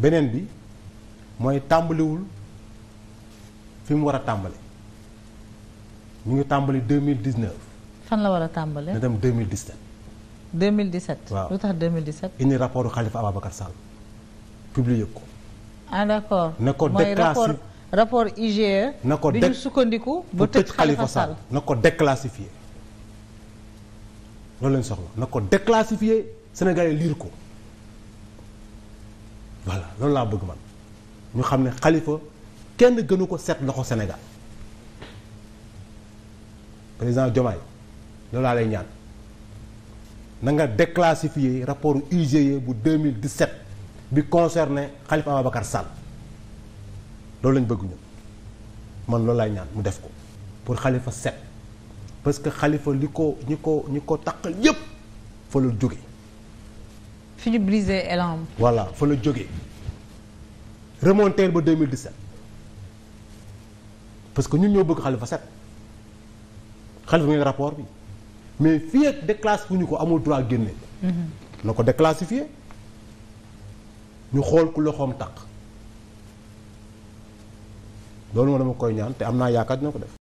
beneen bi mooy tàmbaliwul fi mu war a tàmbale ñu ngi tàmbali mille 2019. fan la war a tàmbalee. na dem 2017. 2017. waaw lu tax 2017. indi rapport du Khalifa Ababacar Sall publié ko. ah d'accord na ko déclassé rapport IGE. na ko bi ñu sukkandiku ba tëj Khalifa Sall na ko déclassifié. loolu lañ soxla na ko déclassifié Sénégalais liir ko. voilà loolu laa bëgg man ñu xam ne xalifa kenn gënu ko set loxo Sénégal président Diomaye loolu laa lay ñaan na nga déclassifier rapport IGE bu 2017 bi concerné Khalifa Ababacar Sall loolu lañ bëgg ñun man loolu laay ñaan mu def ko pour Khalifa set parce que xalifa li ko ñi ko ñi ko taqal yépp fa jóge fi ñu brisé élan voilà fa la jógee remonter ba 2017 parce que ñun ñoo bëgg Khalifa set Khalifa ngeen rapport bi mais fii ak déclassifié ñu ko amul droit génne. Mm-hmm. na ko déclassifié ñu xool ku loxoom taq loolu moo dama koy ñaan te am naa yaakaar dina ko def.